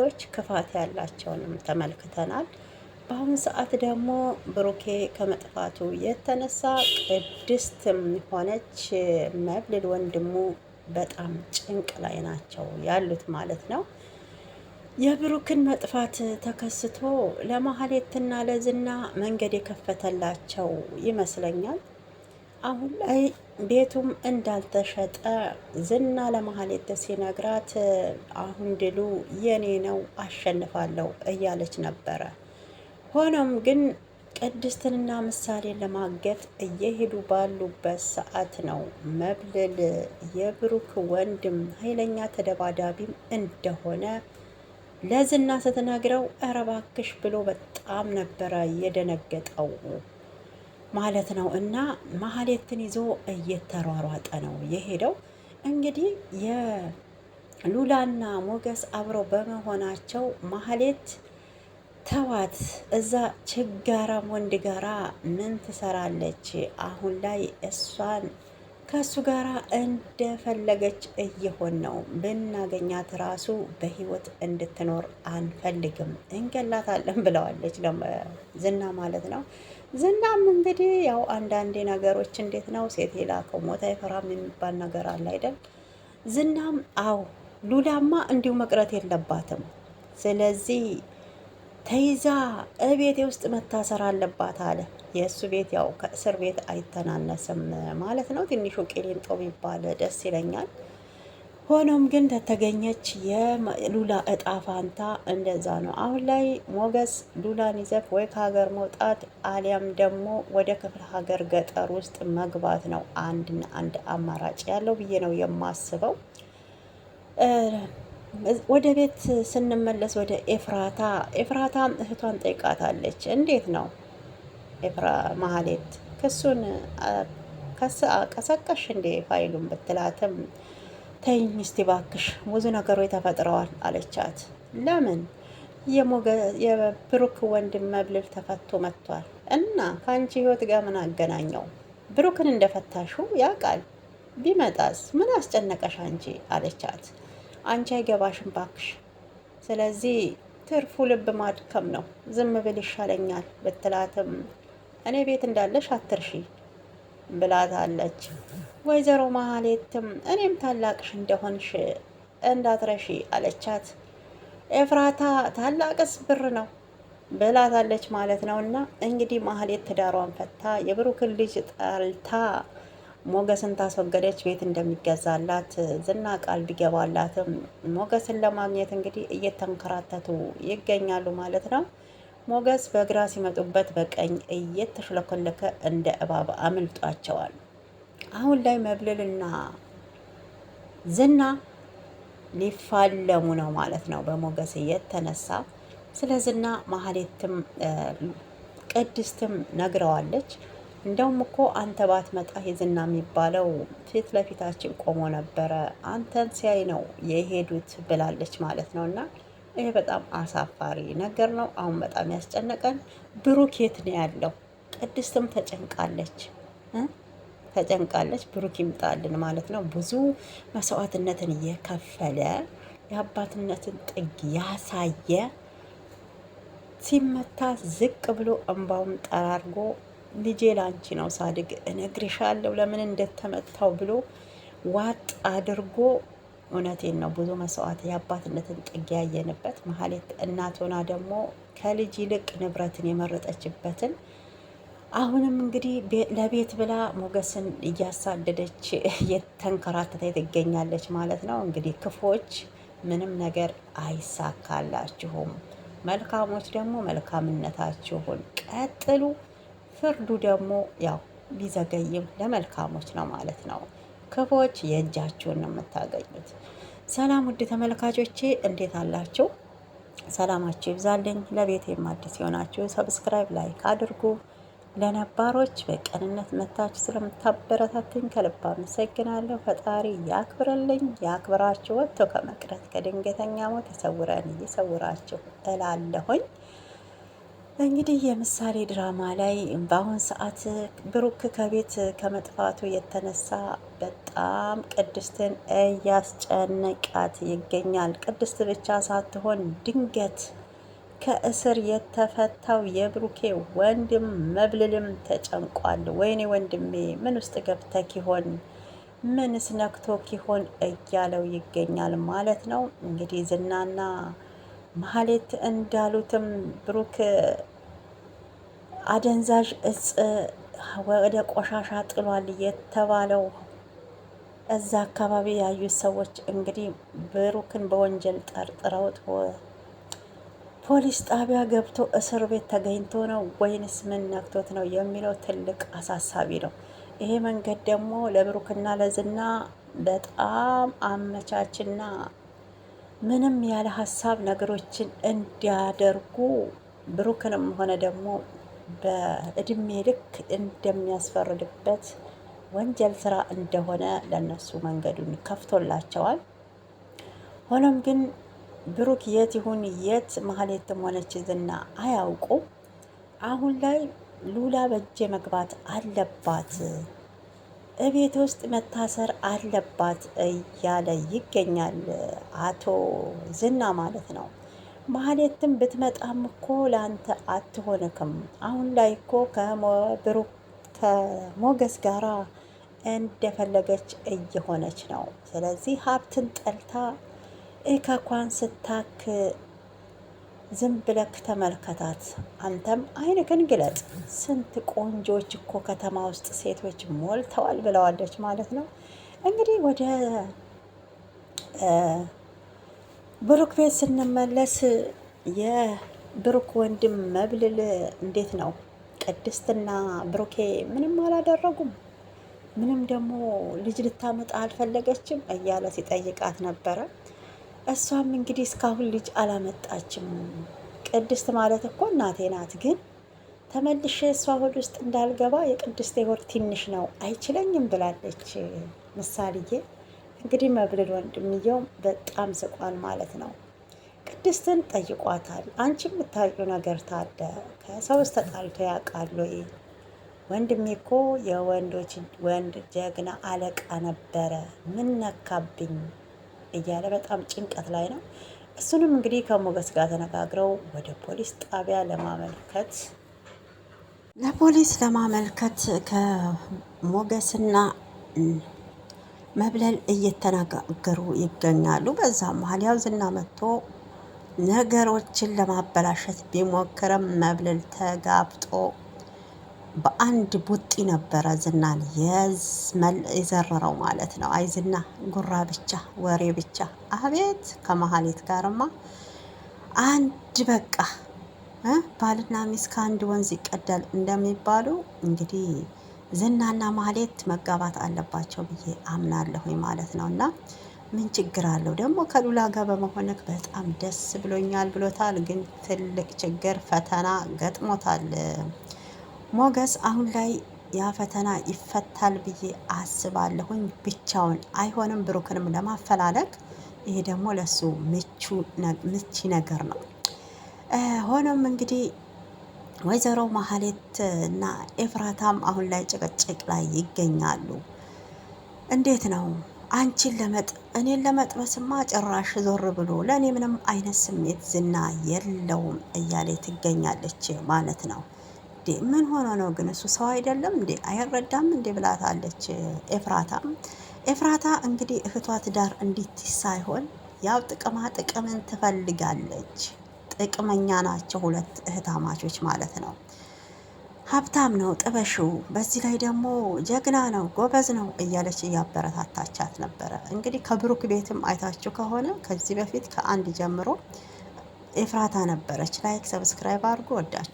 ሮች ክፋት ያላቸውንም ተመልክተናል። በአሁኑ ሰዓት ደግሞ ብሩኬ ከመጥፋቱ የተነሳ ቅድስትም ሆነች መብልል ወንድሙ በጣም ጭንቅ ላይ ናቸው ያሉት ማለት ነው። የብሩክን መጥፋት ተከስቶ ለማህሌትና ለዝና መንገድ የከፈተላቸው ይመስለኛል። አሁን ላይ ቤቱም እንዳልተሸጠ ዝና ለማህሌት ሲነግራት አሁን ድሉ የኔ ነው አሸንፋለሁ እያለች ነበረ። ሆኖም ግን ቅድስትንና ምሳሌን ለማገት እየሄዱ ባሉበት ሰዓት ነው መብልል የብሩክ ወንድም ኃይለኛ ተደባዳቢም እንደሆነ ለዝና ስትነግረው እረባክሽ ብሎ በጣም ነበረ የደነገጠው። ማለት ነው። እና ማህሌትን ይዞ እየተሯሯጠ ነው የሄደው። እንግዲህ የሉላና ሞገስ አብረው በመሆናቸው ማህሌት ተዋት፣ እዛ ችጋራም ወንድ ጋራ ምን ትሰራለች? አሁን ላይ እሷን ከሱ ጋር እንደፈለገች እየሆን ነው። ብናገኛት ራሱ በህይወት እንድትኖር አንፈልግም፣ እንገላታለን ብለዋለች ዝና ማለት ነው። ዝናም እንግዲህ ያው አንዳንዴ ነገሮች እንዴት ነው ሴት የላከው ሞት አይፈራም የሚባል ነገር አለ አይደል? ዝናም አዎ ሉላማ እንዲሁ መቅረት የለባትም። ስለዚህ ተይዛ እቤቴ ውስጥ መታሰር አለባት አለ። የእሱ ቤት ያው ከእስር ቤት አይተናነስም ማለት ነው። ትንሹ ቂሊንጦ ይባል ደስ ይለኛል። ሆኖም ግን ተተገኘች የሉላ እጣ ፋንታ እንደዛ ነው። አሁን ላይ ሞገስ ሉላን ይዘፍ ወይ ከሀገር መውጣት አሊያም ደግሞ ወደ ክፍለ ሀገር ገጠር ውስጥ መግባት ነው አንድና አንድ አማራጭ ያለው ብዬ ነው የማስበው። ወደ ቤት ስንመለስ ወደ ኤፍራታ ኤፍራታ እህቷን ጠይቃታለች። እንዴት ነው ኤፍራ ማህሌት ክሱን ቀሰቀሽ እንዴ ፋይሉን ብትላትም ተይኝ እስቲ እባክሽ ብዙ ነገሮች ተፈጥረዋል አለቻት። ለምን የብሩክ ወንድም መብልል ተፈቶ መጥቷል እና ከአንቺ ህይወት ጋር ምን አገናኘው? ብሩክን እንደፈታሹ ያውቃል ቢመጣስ ምን አስጨነቀሽ አንቺ አለቻት። አንቺ አይገባሽም ባክሽ፣ ስለዚህ ትርፉ ልብ ማድከም ነው፣ ዝም ብል ይሻለኛል ብትላትም እኔ ቤት እንዳለሽ አትርሺ ብላታለች። ወይዘሮ መሀሌትም እኔም ታላቅሽ እንደሆንሽ እንዳትረሺ አለቻት። ኤፍራታ ታላቅስ ብር ነው ብላታለች ማለት ነው። እና እንግዲህ መሀሌት ትዳሯን ፈታ የብሩክን ልጅ ጠልታ ሞገስን ታስወገደች ቤት እንደሚገዛላት ዝና ቃል ቢገባላትም ሞገስን ለማግኘት እንግዲህ እየተንከራተቱ ይገኛሉ ማለት ነው። ሞገስ በግራ ሲመጡበት በቀኝ እየተሽለኮለከ እንደ እባብ አምልጧቸዋል። አሁን ላይ መብልልና ዝና ሊፋለሙ ነው ማለት ነው በሞገስ እየተነሳ ስለ ዝና ማህሌትም ቅድስትም ነግረዋለች። እንደውም እኮ አንተ ባትመጣ የዝና የሚባለው ፊት ለፊታችን ቆሞ ነበረ፣ አንተን ሲያይ ነው የሄዱት ብላለች ማለት ነው። እና ይህ በጣም አሳፋሪ ነገር ነው። አሁን በጣም ያስጨነቀን ብሩክ የት ነው ያለው? ቅድስትም ተጨንቃለች ተጨንቃለች። ብሩክ ይምጣልን ማለት ነው። ብዙ መስዋዕትነትን እየከፈለ የአባትነትን ጥግ ያሳየ ሲመታ ዝቅ ብሎ እንባውን ጠራርጎ ልጄ ላንቺ ነው ሳድግ እነግርሻለሁ ለምን እንደተመታው ብሎ ዋጥ አድርጎ እውነቴን ነው ብዙ መስዋዕት የአባትነትን ጥግ ያየንበት መሀሌት እናት ሆና ደግሞ ከልጅ ይልቅ ንብረትን የመረጠችበትን አሁንም እንግዲህ ለቤት ብላ ሞገስን እያሳደደች የተንከራተተ ትገኛለች ማለት ነው። እንግዲህ ክፎች ምንም ነገር አይሳካላችሁም፣ መልካሞች ደግሞ መልካምነታችሁን ቀጥሉ። ፍርዱ ደግሞ ያው ቢዘገይም ለመልካሞች ነው ማለት ነው። ክፎች የእጃችሁን ነው የምታገኙት። ሰላም ውድ ተመልካቾቼ እንዴት አላችሁ? ሰላማችሁ ይብዛልኝ። ለቤት አዲስ የሆናችሁ ሰብስክራይብ፣ ላይክ አድርጉ። ለነባሮች በቅንነት መታችሁ ስለምታበረታትኝ ከልብ አመሰግናለሁ። ፈጣሪ ያክብረልኝ ያክብራችሁ። ወጥቶ ከመቅረት ከድንገተኛ ሞት የሰውረን እየሰውራችሁ እላለሁኝ። እንግዲህ የምሳሌ ድራማ ላይ በአሁን ሰዓት ብሩክ ከቤት ከመጥፋቱ የተነሳ በጣም ቅድስትን እያስጨነቃት ይገኛል። ቅድስት ብቻ ሳትሆን ድንገት ከእስር የተፈታው የብሩኬ ወንድም መብልልም ተጨንቋል። ወይኔ ወንድሜ ምን ውስጥ ገብተክ ይሆን? ምንስ ነክቶክ ይሆን? እያለው ይገኛል ማለት ነው እንግዲህ ዝናና ማህሌት እንዳሉትም ብሩክ አደንዛዥ እጽ ወደ ቆሻሻ ጥሏል የተባለው እዛ አካባቢ ያዩ ሰዎች እንግዲህ ብሩክን በወንጀል ጠርጥረውት ፖሊስ ጣቢያ ገብቶ እስር ቤት ተገኝቶ ነው ወይንስ ምን ነክቶት ነው የሚለው ትልቅ አሳሳቢ ነው። ይሄ መንገድ ደግሞ ለብሩክና ለዝና በጣም አመቻችና ምንም ያለ ሀሳብ ነገሮችን እንዲያደርጉ ብሩክንም ሆነ ደግሞ በእድሜ ልክ እንደሚያስፈርድበት ወንጀል ስራ እንደሆነ ለነሱ መንገዱን ከፍቶላቸዋል። ሆኖም ግን ብሩክ የት ይሁን የት ማህሌትም ሆነች ዝና አያውቁ። አሁን ላይ ሉላ በእጄ መግባት አለባት እቤት ውስጥ መታሰር አለባት እያለ ይገኛል አቶ ዝና ማለት ነው። ማህሌትም ብትመጣም እኮ ለአንተ አትሆንክም። አሁን ላይ እኮ ከብሩክ ከሞገስ ጋራ እንደፈለገች እየሆነች ነው። ስለዚህ ሀብትን ጠልታ እከኳን ስታክ ዝም ብለክ ተመልከታት። አንተም አይንክን ግለጥ። ስንት ቆንጆች እኮ ከተማ ውስጥ ሴቶች ሞልተዋል ብለዋለች ማለት ነው። እንግዲህ ወደ ብሩክ ቤት ስንመለስ የብሩክ ወንድም መብልል እንዴት ነው? ቅድስትና ብሩኬ ምንም አላደረጉም፣ ምንም ደግሞ ልጅ ልታመጣ አልፈለገችም እያለ ሲጠይቃት ነበረ። እሷም እንግዲህ እስካሁን ልጅ አላመጣችም። ቅድስት ማለት እኮ እናቴ ናት፣ ግን ተመልሼ እሷ ሆድ ውስጥ እንዳልገባ የቅድስት ሆድ ትንሽ ነው አይችለኝም ብላለች ምሳሌዬ። እንግዲህ መብልል ወንድምየውም በጣም ስቋል ማለት ነው። ቅድስትን ጠይቋታል። አንቺ የምታውቂው ነገር ታለ ከሰውስ ተጣልቶ ያውቃሉ? ወንድሜ እኮ የወንዶች ወንድ ጀግና አለቃ ነበረ። ምን ነካብኝ እያለ በጣም ጭንቀት ላይ ነው። እሱንም እንግዲህ ከሞገስ ጋር ተነጋግረው ወደ ፖሊስ ጣቢያ ለማመልከት ለፖሊስ ለማመልከት ከሞገስና መብለል እየተነጋገሩ ይገኛሉ። በዛ መሀል ያው ዝና መጥቶ ነገሮችን ለማበላሸት ቢሞክርም መብለል ተጋብጦ በአንድ ቡጢ ነበረ ዝናን የዘረረው ማለት ነው። አይ ዝና ጉራ ብቻ ወሬ ብቻ አቤት! ከመሀሌት ጋርማ አንድ በቃ ባልና ሚስት ከአንድ ወንዝ ይቀዳል እንደሚባሉ እንግዲህ ዝናና ማሌት መጋባት አለባቸው ብዬ አምናለሁ ማለት ነው። እና ምን ችግር አለው ደግሞ ከሉላ ጋር በመሆንክ በጣም ደስ ብሎኛል ብሎታል። ግን ትልቅ ችግር ፈተና ገጥሞታል። ሞገስ አሁን ላይ ያ ፈተና ይፈታል ብዬ አስባለሁኝ። ብቻውን አይሆንም፣ ብሩክንም ለማፈላለግ ይሄ ደግሞ ለሱ ምቺ ነገር ነው። ሆኖም እንግዲህ ወይዘሮ ማህሌት እና ኤፍራታም አሁን ላይ ጭቅጭቅ ላይ ይገኛሉ። እንዴት ነው አንቺን ለመጥ እኔን ለመጥበስማ ጭራሽ ዞር ብሎ ለእኔ ምንም አይነት ስሜት ዝና የለውም እያለ ትገኛለች ማለት ነው እንዴ ምን ሆኖ ነው ግን እሱ ሰው አይደለም እንዴ አይረዳም እንዴ ብላታለች ኤፍራታ። ኤፍራታ እንግዲህ እህቷ ትዳር እንዲት ሳይሆን ያው ጥቅማ ጥቅምን ትፈልጋለች። ጥቅመኛ ናቸው ሁለት እህታማቾች ማለት ነው። ሀብታም ነው ጥበሽው በዚህ ላይ ደግሞ ጀግና ነው ጎበዝ ነው እያለች እያበረታታቻት ነበረ። እንግዲህ ከብሩክ ቤትም አይታችሁ ከሆነ ከዚህ በፊት ከአንድ ጀምሮ ኤፍራታ ነበረች። ላይክ ሰብስክራይብ አድርጎ ወዳችሁ